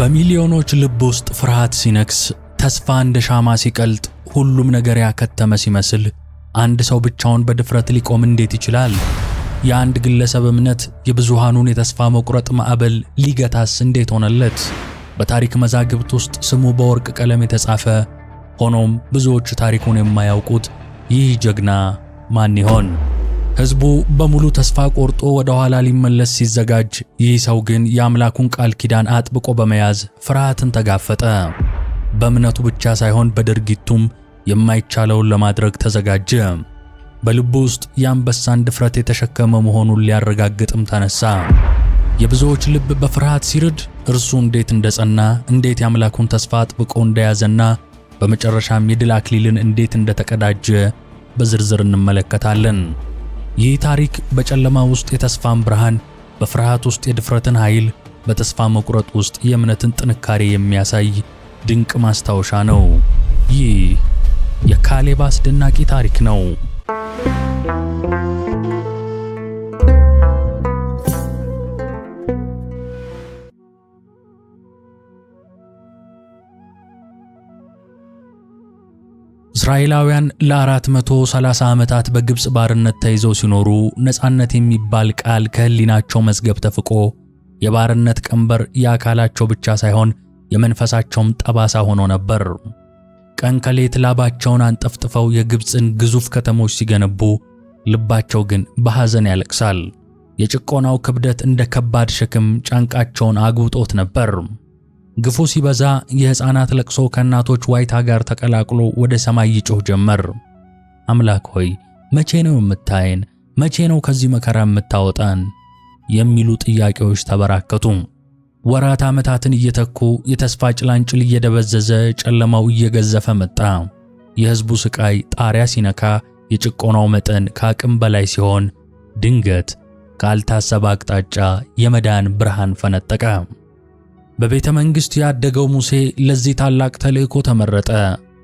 በሚሊዮኖች ልብ ውስጥ ፍርሃት ሲነክስ፣ ተስፋ እንደ ሻማ ሲቀልጥ፣ ሁሉም ነገር ያከተመ ሲመስል፣ አንድ ሰው ብቻውን በድፍረት ሊቆም እንዴት ይችላል? የአንድ ግለሰብ እምነት የብዙሃኑን የተስፋ መቁረጥ ማዕበል ሊገታስ እንዴት ሆነለት? በታሪክ መዛግብት ውስጥ ስሙ በወርቅ ቀለም የተጻፈ፣ ሆኖም ብዙዎች ታሪኩን የማያውቁት ይህ ጀግና ማን ይሆን? ሕዝቡ በሙሉ ተስፋ ቆርጦ ወደ ኋላ ሊመለስ ሲዘጋጅ፣ ይህ ሰው ግን የአምላኩን ቃል ኪዳን አጥብቆ በመያዝ ፍርሃትን ተጋፈጠ። በእምነቱ ብቻ ሳይሆን በድርጊቱም የማይቻለውን ለማድረግ ተዘጋጀ። በልቡ ውስጥ የአንበሳን ድፍረት የተሸከመ መሆኑን ሊያረጋግጥም ተነሳ። የብዙዎች ልብ በፍርሃት ሲርድ፣ እርሱ እንዴት እንደጸና፣ እንዴት የአምላኩን ተስፋ አጥብቆ እንደያዘና በመጨረሻም የድል አክሊልን እንዴት እንደተቀዳጀ በዝርዝር እንመለከታለን። ይህ ታሪክ በጨለማ ውስጥ የተስፋን ብርሃን፣ በፍርሃት ውስጥ የድፍረትን ኃይል፣ በተስፋ መቁረጥ ውስጥ የእምነትን ጥንካሬ የሚያሳይ ድንቅ ማስታወሻ ነው። ይህ የካሌብ አስደናቂ ታሪክ ነው። እስራኤላውያን ለ430 ዓመታት በግብፅ ባርነት ተይዘው ሲኖሩ ነፃነት የሚባል ቃል ከህሊናቸው መዝገብ ተፍቆ የባርነት ቀንበር የአካላቸው ብቻ ሳይሆን የመንፈሳቸውም ጠባሳ ሆኖ ነበር። ቀን ከሌት ላባቸውን አንጠፍጥፈው የግብፅን ግዙፍ ከተሞች ሲገነቡ፣ ልባቸው ግን በሐዘን ያለቅሳል። የጭቆናው ክብደት እንደ ከባድ ሸክም ጫንቃቸውን አግብጦት ነበር። ግፉ ሲበዛ የሕፃናት ለቅሶ ከእናቶች ዋይታ ጋር ተቀላቅሎ ወደ ሰማይ ይጮህ ጀመር። አምላክ ሆይ መቼ ነው የምታየን? መቼ ነው ከዚህ መከራ የምታወጣን? የሚሉ ጥያቄዎች ተበራከቱ። ወራት ዓመታትን እየተኩ የተስፋ ጭላንጭል እየደበዘዘ ጨለማው እየገዘፈ መጣ። የሕዝቡ ስቃይ ጣሪያ ሲነካ፣ የጭቆናው መጠን ከአቅም በላይ ሲሆን፣ ድንገት ካልታሰበ አቅጣጫ የመዳን ብርሃን ፈነጠቀ። በቤተ መንግሥት ያደገው ሙሴ ለዚህ ታላቅ ተልእኮ ተመረጠ።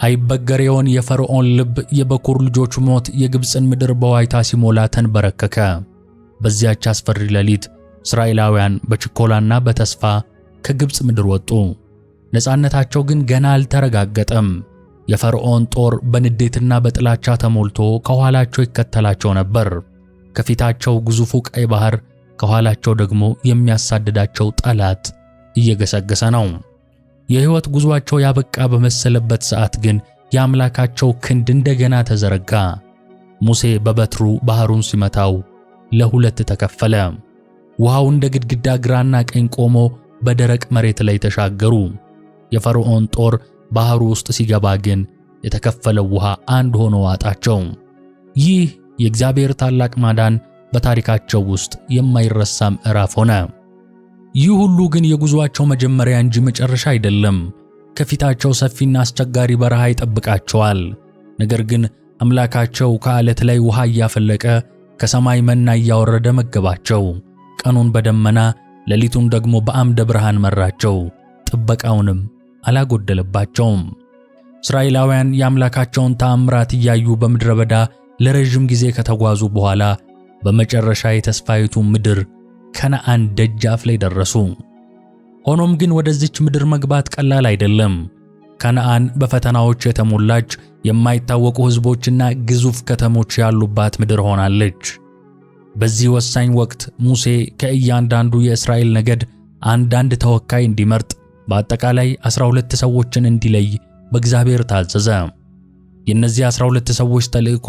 አይበገሬውን የፈርዖን ልብ የበኩር ልጆቹ ሞት የግብፅን ምድር በዋይታ ሲሞላ ተንበረከከ። በዚያች አስፈሪ ሌሊት እስራኤላውያን በችኮላና በተስፋ ከግብፅ ምድር ወጡ። ነፃነታቸው ግን ገና አልተረጋገጠም። የፈርዖን ጦር በንዴትና በጥላቻ ተሞልቶ ከኋላቸው ይከተላቸው ነበር። ከፊታቸው ግዙፉ ቀይ ባህር፣ ከኋላቸው ደግሞ የሚያሳድዳቸው ጠላት እየገሰገሰ ነው። የሕይወት ጉዟቸው ያበቃ በመሰለበት ሰዓት ግን የአምላካቸው ክንድ እንደገና ተዘረጋ። ሙሴ በበትሩ ባህሩን ሲመታው ለሁለት ተከፈለ። ውሃው እንደ ግድግዳ ግራና ቀኝ ቆሞ በደረቅ መሬት ላይ ተሻገሩ። የፈርዖን ጦር ባህሩ ውስጥ ሲገባ ግን የተከፈለው ውሃ አንድ ሆኖ ዋጣቸው። ይህ የእግዚአብሔር ታላቅ ማዳን በታሪካቸው ውስጥ የማይረሳ ምዕራፍ ሆነ። ይህ ሁሉ ግን የጉዟቸው መጀመሪያ እንጂ መጨረሻ አይደለም። ከፊታቸው ሰፊና አስቸጋሪ በረሃ ይጠብቃቸዋል። ነገር ግን አምላካቸው ከዓለት ላይ ውሃ እያፈለቀ ከሰማይ መና እያወረደ መገባቸው። ቀኑን በደመና ሌሊቱን ደግሞ በአምደ ብርሃን መራቸው። ጥበቃውንም አላጎደለባቸውም። እስራኤላውያን የአምላካቸውን ተአምራት እያዩ በምድረ በዳ ለረዥም ጊዜ ከተጓዙ በኋላ በመጨረሻ የተስፋይቱ ምድር ከነአን ደጃፍ ላይ ደረሱ። ሆኖም ግን ወደዚች ምድር መግባት ቀላል አይደለም። ከነአን በፈተናዎች የተሞላች የማይታወቁ ሕዝቦችና ግዙፍ ከተሞች ያሉባት ምድር ሆናለች። በዚህ ወሳኝ ወቅት ሙሴ ከእያንዳንዱ የእስራኤል ነገድ አንዳንድ ተወካይ እንዲመርጥ፣ በአጠቃላይ 12 ሰዎችን እንዲለይ በእግዚአብሔር ታዘዘ። የእነዚህ 12 ሰዎች ተልእኮ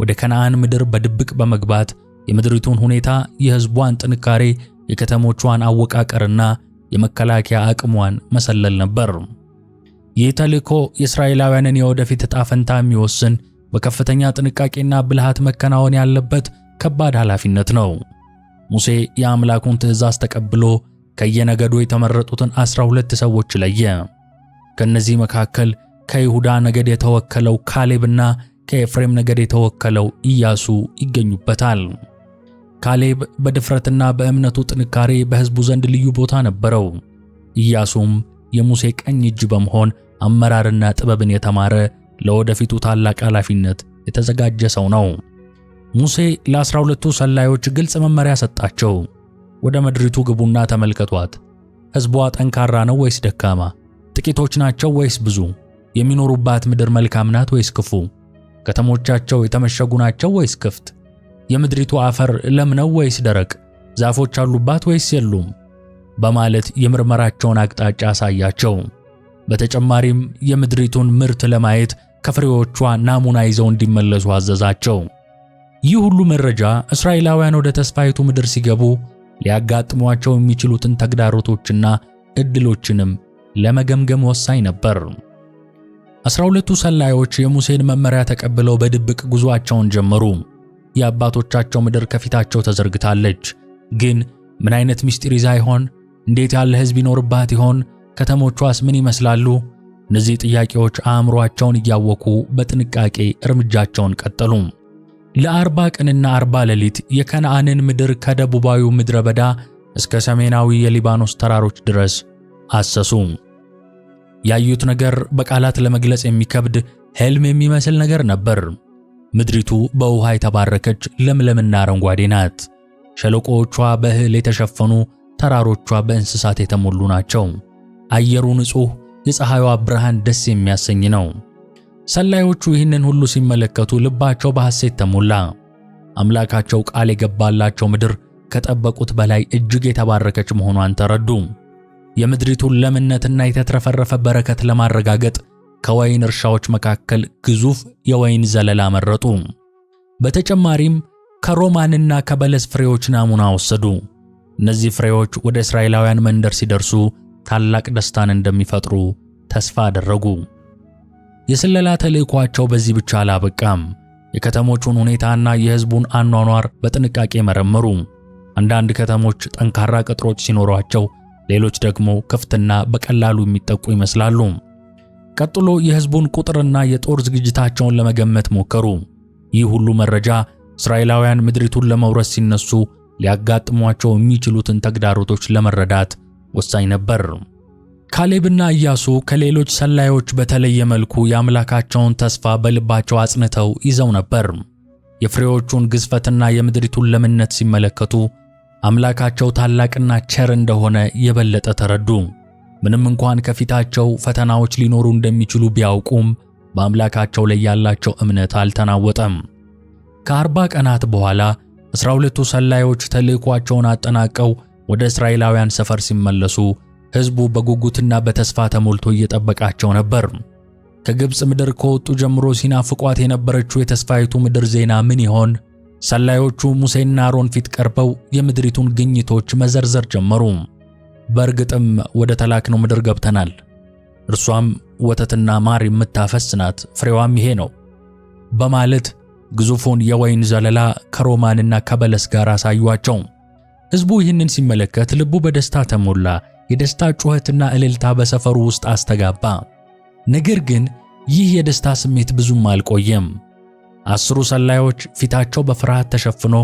ወደ ከነአን ምድር በድብቅ በመግባት የምድሪቱን ሁኔታ፣ የህዝቧን ጥንካሬ፣ የከተሞቿን አወቃቀርና የመከላከያ አቅሟን መሰለል ነበር። ይህ ተልእኮ የእስራኤላውያንን የወደፊት ዕጣ ፈንታ የሚወስን በከፍተኛ ጥንቃቄና ብልሃት መከናወን ያለበት ከባድ ኃላፊነት ነው። ሙሴ የአምላኩን ትእዛዝ ተቀብሎ ከየነገዱ የተመረጡትን ዐሥራ ሁለት ሰዎች ለየ። ከእነዚህ መካከል ከይሁዳ ነገድ የተወከለው ካሌብና ከኤፍሬም ነገድ የተወከለው ኢያሱ ይገኙበታል። ካሌብ በድፍረትና በእምነቱ ጥንካሬ በሕዝቡ ዘንድ ልዩ ቦታ ነበረው። ኢያሱም የሙሴ ቀኝ እጅ በመሆን አመራርና ጥበብን የተማረ ለወደፊቱ ታላቅ ኃላፊነት የተዘጋጀ ሰው ነው። ሙሴ ለአስራ ሁለቱ ሰላዮች ግልጽ መመሪያ ሰጣቸው። ወደ ምድሪቱ ግቡና ተመልከቷት። ሕዝቧ ጠንካራ ነው ወይስ ደካማ? ጥቂቶች ናቸው ወይስ ብዙ? የሚኖሩባት ምድር መልካም ናት ወይስ ክፉ? ከተሞቻቸው የተመሸጉ ናቸው ወይስ ክፍት? የምድሪቱ አፈር ለም ነው ወይስ ደረቅ? ዛፎች አሉባት ወይስ የሉም? በማለት የምርመራቸውን አቅጣጫ አሳያቸው። በተጨማሪም የምድሪቱን ምርት ለማየት ከፍሬዎቿ ናሙና ይዘው እንዲመለሱ አዘዛቸው። ይህ ሁሉ መረጃ እስራኤላውያን ወደ ተስፋይቱ ምድር ሲገቡ ሊያጋጥሟቸው የሚችሉትን ተግዳሮቶችና እድሎችንም ለመገምገም ወሳኝ ነበር። አስራ ሁለቱ ሰላዮች የሙሴን መመሪያ ተቀብለው በድብቅ ጉዞአቸውን ጀመሩ። የአባቶቻቸው ምድር ከፊታቸው ተዘርግታለች። ግን ምን አይነት ምስጢር ይዛ ይሆን? እንዴት ያለ ሕዝብ ይኖርባት ይሆን? ከተሞቿስ ምን ይመስላሉ? እነዚህ ጥያቄዎች አእምሯቸውን እያወኩ በጥንቃቄ እርምጃቸውን ቀጠሉ። ለአርባ ቀንና አርባ ሌሊት የከነዓንን ምድር ከደቡባዩ ምድረ በዳ እስከ ሰሜናዊ የሊባኖስ ተራሮች ድረስ አሰሱ። ያዩት ነገር በቃላት ለመግለጽ የሚከብድ ሕልም የሚመስል ነገር ነበር። ምድሪቱ በውሃ የተባረከች ለምለምና አረንጓዴ ናት። ሸለቆዎቿ በእህል የተሸፈኑ፣ ተራሮቿ በእንስሳት የተሞሉ ናቸው። አየሩ ንጹህ የፀሐይዋ ብርሃን ደስ የሚያሰኝ ነው። ሰላዮቹ ይህንን ሁሉ ሲመለከቱ ልባቸው በሐሴት ተሞላ። አምላካቸው ቃል የገባላቸው ምድር ከጠበቁት በላይ እጅግ የተባረከች መሆኗን ተረዱ። የምድሪቱን ለምነትና የተትረፈረፈ በረከት ለማረጋገጥ ከወይን እርሻዎች መካከል ግዙፍ የወይን ዘለላ መረጡ። በተጨማሪም ከሮማንና ከበለስ ፍሬዎች ናሙና ወሰዱ። እነዚህ ፍሬዎች ወደ እስራኤላውያን መንደር ሲደርሱ ታላቅ ደስታን እንደሚፈጥሩ ተስፋ አደረጉ። የስለላ ተልእኳቸው በዚህ ብቻ አላበቃም። የከተሞቹን ሁኔታና የሕዝቡን አኗኗር በጥንቃቄ መረመሩ። አንዳንድ ከተሞች ጠንካራ ቅጥሮች ሲኖሯቸው፣ ሌሎች ደግሞ ክፍትና በቀላሉ የሚጠቁ ይመስላሉ። ቀጥሎ የሕዝቡን ቁጥርና የጦር ዝግጅታቸውን ለመገመት ሞከሩ። ይህ ሁሉ መረጃ እስራኤላውያን ምድሪቱን ለመውረስ ሲነሱ ሊያጋጥሟቸው የሚችሉትን ተግዳሮቶች ለመረዳት ወሳኝ ነበር። ካሌብና ኢያሱ ከሌሎች ሰላዮች በተለየ መልኩ የአምላካቸውን ተስፋ በልባቸው አጽንተው ይዘው ነበር። የፍሬዎቹን ግዝፈትና የምድሪቱን ለምነት ሲመለከቱ አምላካቸው ታላቅና ቸር እንደሆነ የበለጠ ተረዱ። ምንም እንኳን ከፊታቸው ፈተናዎች ሊኖሩ እንደሚችሉ ቢያውቁም በአምላካቸው ላይ ያላቸው እምነት አልተናወጠም። ከአርባ ቀናት በኋላ አስራ ሁለቱ ሰላዮች ተልእኳቸውን አጠናቀው ወደ እስራኤላውያን ሰፈር ሲመለሱ ሕዝቡ በጉጉትና በተስፋ ተሞልቶ እየጠበቃቸው ነበር። ከግብፅ ምድር ከወጡ ጀምሮ ሲናፍቋት የነበረችው የተስፋይቱ ምድር ዜና ምን ይሆን? ሰላዮቹ ሙሴና አሮን ፊት ቀርበው የምድሪቱን ግኝቶች መዘርዘር ጀመሩ። በእርግጥም ወደ ተላክነው ምድር ገብተናል። እርሷም ወተትና ማር የምታፈስ ናት፣ ፍሬዋም ይሄ ነው በማለት ግዙፉን የወይን ዘለላ ከሮማንና ከበለስ ጋር አሳዩአቸው። ሕዝቡ ይህንን ሲመለከት ልቡ በደስታ ተሞላ። የደስታ ጩኸትና እልልታ በሰፈሩ ውስጥ አስተጋባ። ነገር ግን ይህ የደስታ ስሜት ብዙም አልቆየም። አስሩ ሰላዮች ፊታቸው በፍርሃት ተሸፍኖ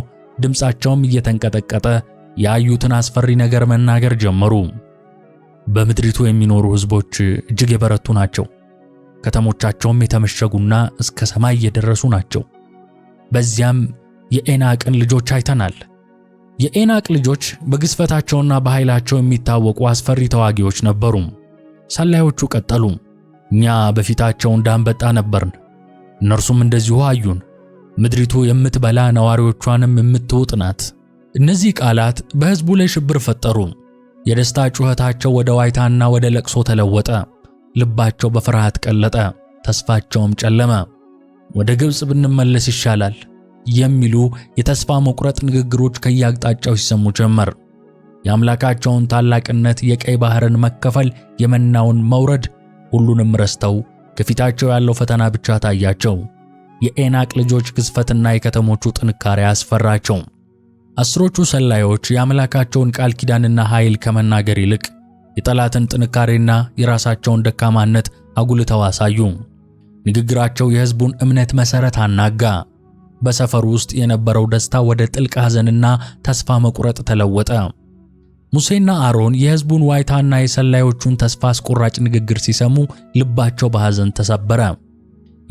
ድምፃቸውም እየተንቀጠቀጠ ያዩትን አስፈሪ ነገር መናገር ጀመሩ። በምድሪቱ የሚኖሩ ሕዝቦች እጅግ የበረቱ ናቸው። ከተሞቻቸውም የተመሸጉና እስከ ሰማይ የደረሱ ናቸው። በዚያም የኤናቅን ልጆች አይተናል። የኤናቅ ልጆች በግዝፈታቸውና በኃይላቸው የሚታወቁ አስፈሪ ተዋጊዎች ነበሩ። ሰላዮቹ ቀጠሉ። እኛ በፊታቸው እንዳንበጣ ነበርን፣ እነርሱም እንደዚሁ አዩን። ምድሪቱ የምትበላ ነዋሪዎቿንም የምትውጥ ናት። እነዚህ ቃላት በሕዝቡ ላይ ሽብር ፈጠሩ። የደስታ ጩኸታቸው ወደ ዋይታና ወደ ለቅሶ ተለወጠ። ልባቸው በፍርሃት ቀለጠ፣ ተስፋቸውም ጨለመ። ወደ ግብጽ ብንመለስ ይሻላል የሚሉ የተስፋ መቁረጥ ንግግሮች ከየአቅጣጫው ሲሰሙ ጀመር። የአምላካቸውን ታላቅነት፣ የቀይ ባህርን መከፈል፣ የመናውን መውረድ፣ ሁሉንም ረስተው ከፊታቸው ያለው ፈተና ብቻ ታያቸው። የኤናቅ ልጆች ግዝፈትና የከተሞቹ ጥንካሬ አስፈራቸው። አስሮቹ ሰላዮች የአምላካቸውን ቃል ኪዳንና ኃይል ከመናገር ይልቅ የጠላትን ጥንካሬና የራሳቸውን ደካማነት አጉልተው አሳዩ። ንግግራቸው የሕዝቡን እምነት መሠረት አናጋ። በሰፈሩ ውስጥ የነበረው ደስታ ወደ ጥልቅ ሐዘንና ተስፋ መቁረጥ ተለወጠ። ሙሴና አሮን የሕዝቡን ዋይታና የሰላዮቹን ተስፋ አስቆራጭ ንግግር ሲሰሙ ልባቸው በሐዘን ተሰበረ።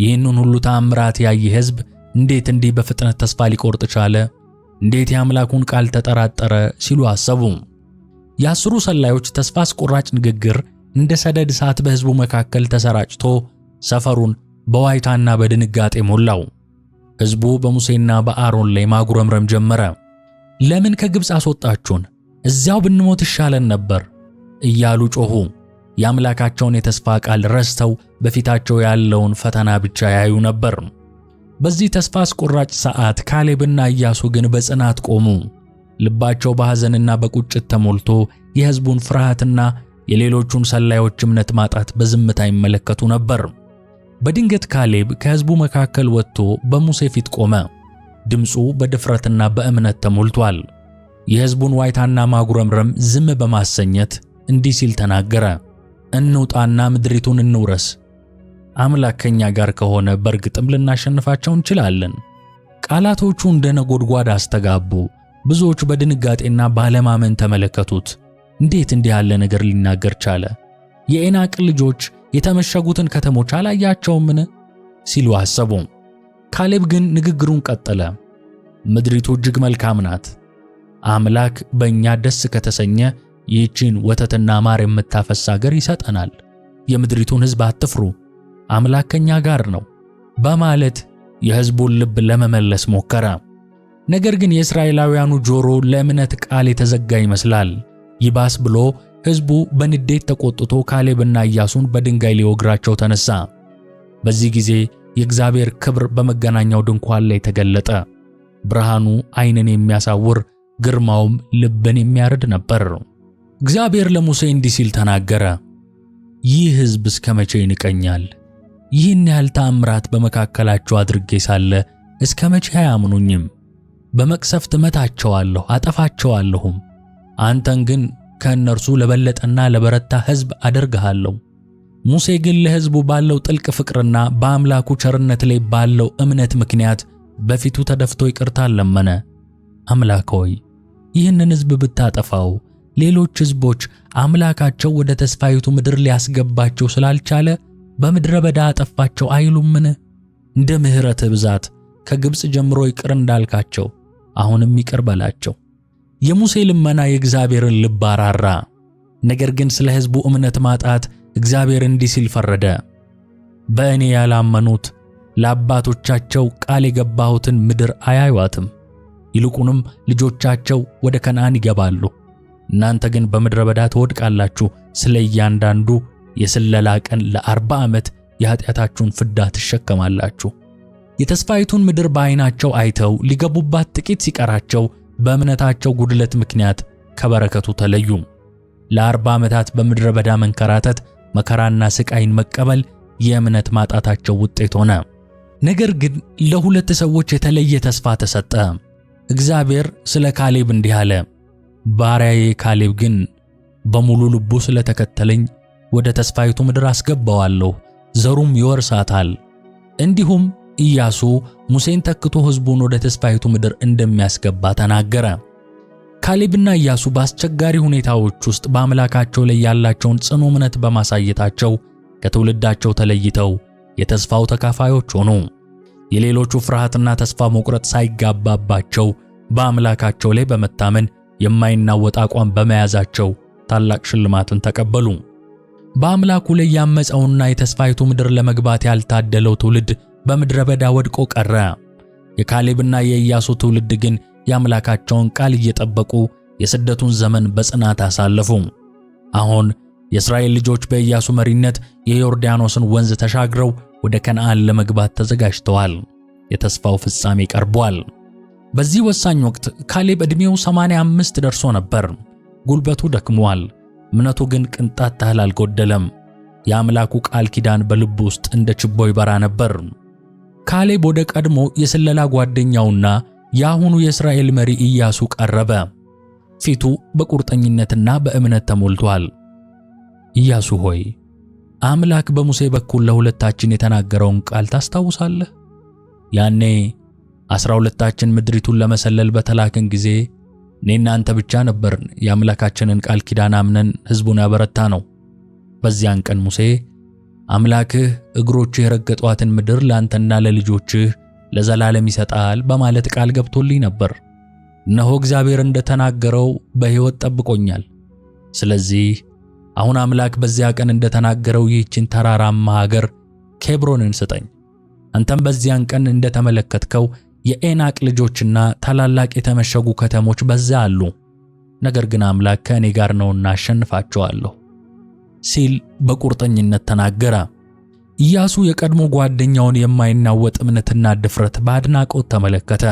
ይህንን ሁሉ ተአምራት ያየ ሕዝብ እንዴት እንዲህ በፍጥነት ተስፋ ሊቆርጥ ቻለ? እንዴት የአምላኩን ቃል ተጠራጠረ ሲሉ አሰቡ። የአስሩ ሰላዮች ተስፋ አስቆራጭ ንግግር እንደ ሰደድ እሳት በሕዝቡ መካከል ተሰራጭቶ ሰፈሩን በዋይታና በድንጋጤ ሞላው። ሕዝቡ በሙሴና በአሮን ላይ ማጉረምረም ጀመረ። ለምን ከግብፅ አስወጣችሁን? እዚያው ብንሞት ይሻለን ነበር እያሉ ጮኹ። የአምላካቸውን የተስፋ ቃል ረስተው በፊታቸው ያለውን ፈተና ብቻ ያዩ ነበር። በዚህ ተስፋ አስቆራጭ ሰዓት ካሌብና ኢያሱ ግን በጽናት ቆሙ። ልባቸው በሐዘንና በቁጭት ተሞልቶ የሕዝቡን ፍርሃትና የሌሎቹን ሰላዮች እምነት ማጣት በዝምታ ይመለከቱ ነበር። በድንገት ካሌብ ከሕዝቡ መካከል ወጥቶ በሙሴ ፊት ቆመ። ድምፁ በድፍረትና በእምነት ተሞልቷል። የሕዝቡን ዋይታና ማጉረምረም ዝም በማሰኘት እንዲህ ሲል ተናገረ፦ እንውጣና ምድሪቱን እንውረስ አምላክ ከኛ ጋር ከሆነ በእርግጥም ልናሸንፋቸው እንችላለን። ቃላቶቹ እንደ ነጎድጓድ አስተጋቡ። ብዙዎች በድንጋጤና ባለማመን ተመለከቱት። እንዴት እንዲህ ያለ ነገር ሊናገር ቻለ? የኤናቅ ልጆች የተመሸጉትን ከተሞች አላያቸውምን? ሲሉ አሰቡ። ካሌብ ግን ንግግሩን ቀጠለ። ምድሪቱ እጅግ መልካም ናት። አምላክ በእኛ ደስ ከተሰኘ ይህችን ወተትና ማር የምታፈስ አገር ይሰጠናል። የምድሪቱን ሕዝብ አትፍሩ አምላክ ከኛ ጋር ነው በማለት የሕዝቡን ልብ ለመመለስ ሞከረ። ነገር ግን የእስራኤላውያኑ ጆሮ ለእምነት ቃል የተዘጋ ይመስላል። ይባስ ብሎ ሕዝቡ በንዴት ተቆጥቶ ካሌብና ኢያሱን በድንጋይ ሊወግራቸው ተነሳ። በዚህ ጊዜ የእግዚአብሔር ክብር በመገናኛው ድንኳን ላይ ተገለጠ። ብርሃኑ ዓይንን የሚያሳውር ግርማውም ልብን የሚያርድ ነበር። እግዚአብሔር ለሙሴ እንዲህ ሲል ተናገረ፣ ይህ ሕዝብ እስከ መቼ ይንቀኛል? ይህን ያህል ተአምራት በመካከላቸው አድርጌ ሳለ እስከ መቼ አያምኑኝም? በመቅሰፍት እመታቸዋለሁ፣ አጠፋቸዋለሁም። አንተን ግን ከእነርሱ ለበለጠና ለበረታ ሕዝብ አደርግሃለሁ። ሙሴ ግን ለሕዝቡ ባለው ጥልቅ ፍቅርና በአምላኩ ቸርነት ላይ ባለው እምነት ምክንያት በፊቱ ተደፍቶ ይቅርታ ለመነ። አምላክ ሆይ ይህንን ሕዝብ ብታጠፋው ሌሎች ሕዝቦች አምላካቸው ወደ ተስፋይቱ ምድር ሊያስገባቸው ስላልቻለ በምድረ በዳ አጠፋቸው አይሉምን? እንደ ምህረተ ብዛት ከግብፅ ጀምሮ ይቅር እንዳልካቸው አሁንም ይቅር በላቸው። የሙሴ ልመና የእግዚአብሔርን ልብ አራራ። ነገር ግን ስለ ሕዝቡ እምነት ማጣት እግዚአብሔር እንዲህ ሲል ፈረደ። በእኔ ያላመኑት ለአባቶቻቸው ቃል የገባሁትን ምድር አያዩአትም፣ ይልቁንም ልጆቻቸው ወደ ከነዓን ይገባሉ። እናንተ ግን በምድረ በዳ ትወድቃላችሁ፣ ስለ እያንዳንዱ የስለላ ቀን ለአርባ ዓመት የኃጢአታችሁን ፍዳ ትሸከማላችሁ። የተስፋይቱን ምድር በዓይናቸው አይተው ሊገቡባት ጥቂት ሲቀራቸው በእምነታቸው ጉድለት ምክንያት ከበረከቱ ተለዩ። ለአርባ ዓመታት በምድረ በዳ መንከራተት፣ መከራና ስቃይን መቀበል የእምነት ማጣታቸው ውጤት ሆነ። ነገር ግን ለሁለት ሰዎች የተለየ ተስፋ ተሰጠ። እግዚአብሔር ስለ ካሌብ እንዲህ አለ፣ ባሪያዬ ካሌብ ግን በሙሉ ልቡ ስለተከተለኝ ወደ ተስፋይቱ ምድር አስገባዋለሁ፣ ዘሩም ይወርሳታል። እንዲሁም ኢያሱ ሙሴን ተክቶ ሕዝቡን ወደ ተስፋይቱ ምድር እንደሚያስገባ ተናገረ። ካሌብና ኢያሱ በአስቸጋሪ ሁኔታዎች ውስጥ በአምላካቸው ላይ ያላቸውን ጽኑ እምነት በማሳየታቸው ከትውልዳቸው ተለይተው የተስፋው ተካፋዮች ሆኑ። የሌሎቹ ፍርሃትና ተስፋ መቁረጥ ሳይጋባባቸው በአምላካቸው ላይ በመታመን የማይናወጥ አቋም በመያዛቸው ታላቅ ሽልማትን ተቀበሉ። በአምላኩ ላይ ያመፀውና የተስፋይቱ ምድር ለመግባት ያልታደለው ትውልድ በምድረ በዳ ወድቆ ቀረ። የካሌብና የኢያሱ ትውልድ ግን የአምላካቸውን ቃል እየጠበቁ የስደቱን ዘመን በጽናት አሳለፉ። አሁን የእስራኤል ልጆች በኢያሱ መሪነት የዮርዳኖስን ወንዝ ተሻግረው ወደ ከነዓን ለመግባት ተዘጋጅተዋል። የተስፋው ፍጻሜ ቀርቧል። በዚህ ወሳኝ ወቅት ካሌብ ዕድሜው 85 ደርሶ ነበር። ጉልበቱ ደክሟል። እምነቱ ግን ቅንጣት ታህል አልጎደለም። የአምላኩ ቃል ኪዳን በልቡ ውስጥ እንደ ችቦ ይበራ ነበር። ካሌብ ወደ ቀድሞ የስለላ ጓደኛውና የአሁኑ የእስራኤል መሪ ኢያሱ ቀረበ። ፊቱ በቁርጠኝነትና በእምነት ተሞልቷል። ኢያሱ ሆይ አምላክ በሙሴ በኩል ለሁለታችን የተናገረውን ቃል ታስታውሳለህ? ያኔ አስራ ሁለታችን ምድሪቱን ለመሰለል በተላክን ጊዜ እኔና አንተ ብቻ ነበርን የአምላካችንን ቃል ኪዳን አምነን ሕዝቡን ያበረታ ነው። በዚያን ቀን ሙሴ አምላክህ እግሮችህ የረገጧትን ምድር ለአንተና ለልጆችህ ለዘላለም ይሰጣል በማለት ቃል ገብቶልኝ ነበር። እነሆ እግዚአብሔር እንደተናገረው በሕይወት ጠብቆኛል። ስለዚህ አሁን አምላክ በዚያ ቀን እንደተናገረው ይህችን ተራራማ ሀገር ኬብሮንን ስጠኝ። አንተም በዚያን ቀን እንደተመለከትከው የኤናቅ ልጆችና ታላላቅ የተመሸጉ ከተሞች በዚያ አሉ፣ ነገር ግን አምላክ ከእኔ ጋር ነውና አሸንፋቸዋለሁ ሲል በቁርጠኝነት ተናገረ። ኢያሱ የቀድሞ ጓደኛውን የማይናወጥ እምነትና ድፍረት በአድናቆት ተመለከተ።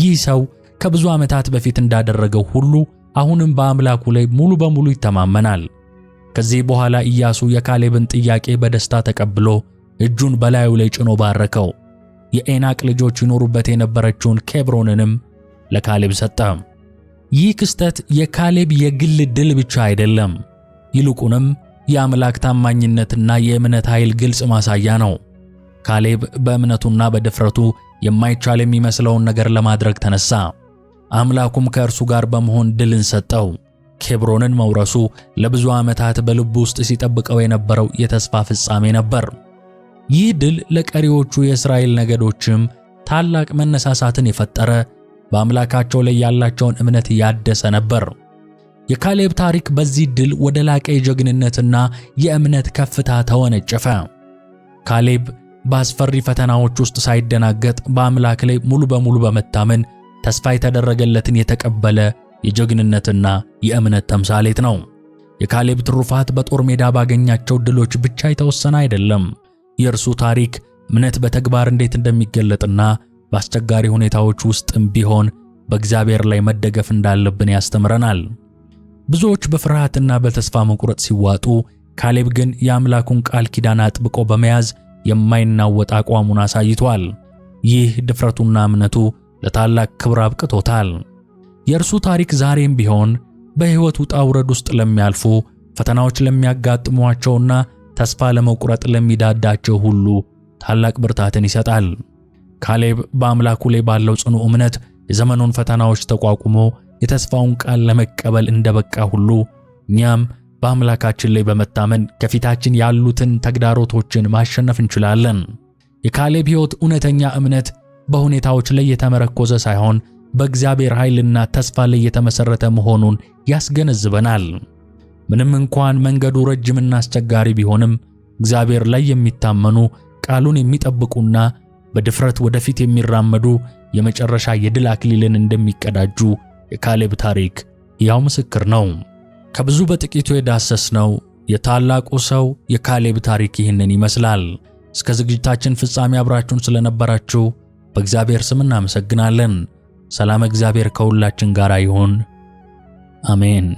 ይህ ሰው ከብዙ ዓመታት በፊት እንዳደረገው ሁሉ አሁንም በአምላኩ ላይ ሙሉ በሙሉ ይተማመናል። ከዚህ በኋላ ኢያሱ የካሌብን ጥያቄ በደስታ ተቀብሎ እጁን በላዩ ላይ ጭኖ ባረከው። የኤናቅ ልጆች ይኖሩበት የነበረችውን ኬብሮንንም ለካሌብ ሰጠ። ይህ ክስተት የካሌብ የግል ድል ብቻ አይደለም፣ ይልቁንም የአምላክ ታማኝነትና የእምነት ኃይል ግልጽ ማሳያ ነው። ካሌብ በእምነቱና በድፍረቱ የማይቻል የሚመስለውን ነገር ለማድረግ ተነሳ። አምላኩም ከእርሱ ጋር በመሆን ድልን ሰጠው። ኬብሮንን መውረሱ ለብዙ ዓመታት በልቡ ውስጥ ሲጠብቀው የነበረው የተስፋ ፍጻሜ ነበር። ይህ ድል ለቀሪዎቹ የእስራኤል ነገዶችም ታላቅ መነሳሳትን የፈጠረ በአምላካቸው ላይ ያላቸውን እምነት ያደሰ ነበር። የካሌብ ታሪክ በዚህ ድል ወደ ላቀ የጀግንነትና የእምነት ከፍታ ተወነጨፈ። ካሌብ በአስፈሪ ፈተናዎች ውስጥ ሳይደናገጥ በአምላክ ላይ ሙሉ በሙሉ በመታመን ተስፋ የተደረገለትን የተቀበለ የጀግንነትና የእምነት ተምሳሌት ነው። የካሌብ ትሩፋት በጦር ሜዳ ባገኛቸው ድሎች ብቻ የተወሰነ አይደለም። የእርሱ ታሪክ እምነት በተግባር እንዴት እንደሚገለጥና በአስቸጋሪ ሁኔታዎች ውስጥም ቢሆን በእግዚአብሔር ላይ መደገፍ እንዳለብን ያስተምረናል። ብዙዎች በፍርሃትና በተስፋ መቁረጥ ሲዋጡ፣ ካሌብ ግን የአምላኩን ቃል ኪዳን አጥብቆ በመያዝ የማይናወጥ አቋሙን አሳይቷል። ይህ ድፍረቱና እምነቱ ለታላቅ ክብር አብቅቶታል። የእርሱ ታሪክ ዛሬም ቢሆን በሕይወት ውጣ ውረድ ውስጥ ለሚያልፉ ፈተናዎች ለሚያጋጥሟቸውና ተስፋ ለመቁረጥ ለሚዳዳቸው ሁሉ ታላቅ ብርታትን ይሰጣል። ካሌብ በአምላኩ ላይ ባለው ጽኑ እምነት የዘመኑን ፈተናዎች ተቋቁሞ የተስፋውን ቃል ለመቀበል እንደበቃ ሁሉ እኛም በአምላካችን ላይ በመታመን ከፊታችን ያሉትን ተግዳሮቶችን ማሸነፍ እንችላለን። የካሌብ ሕይወት እውነተኛ እምነት በሁኔታዎች ላይ የተመረኮዘ ሳይሆን በእግዚአብሔር ኃይልና ተስፋ ላይ የተመሠረተ መሆኑን ያስገነዝበናል። ምንም እንኳን መንገዱ ረጅምና አስቸጋሪ ቢሆንም እግዚአብሔር ላይ የሚታመኑ ቃሉን የሚጠብቁና በድፍረት ወደፊት የሚራመዱ የመጨረሻ የድል አክሊልን እንደሚቀዳጁ የካሌብ ታሪክ ያው ምስክር ነው። ከብዙ በጥቂቱ የዳሰስነው የታላቁ ሰው የካሌብ ታሪክ ይህንን ይመስላል። እስከ ዝግጅታችን ፍጻሜ አብራችሁን ስለነበራችሁ በእግዚአብሔር ስም እናመሰግናለን። ሰላም፣ እግዚአብሔር ከሁላችን ጋር ይሁን። አሜን።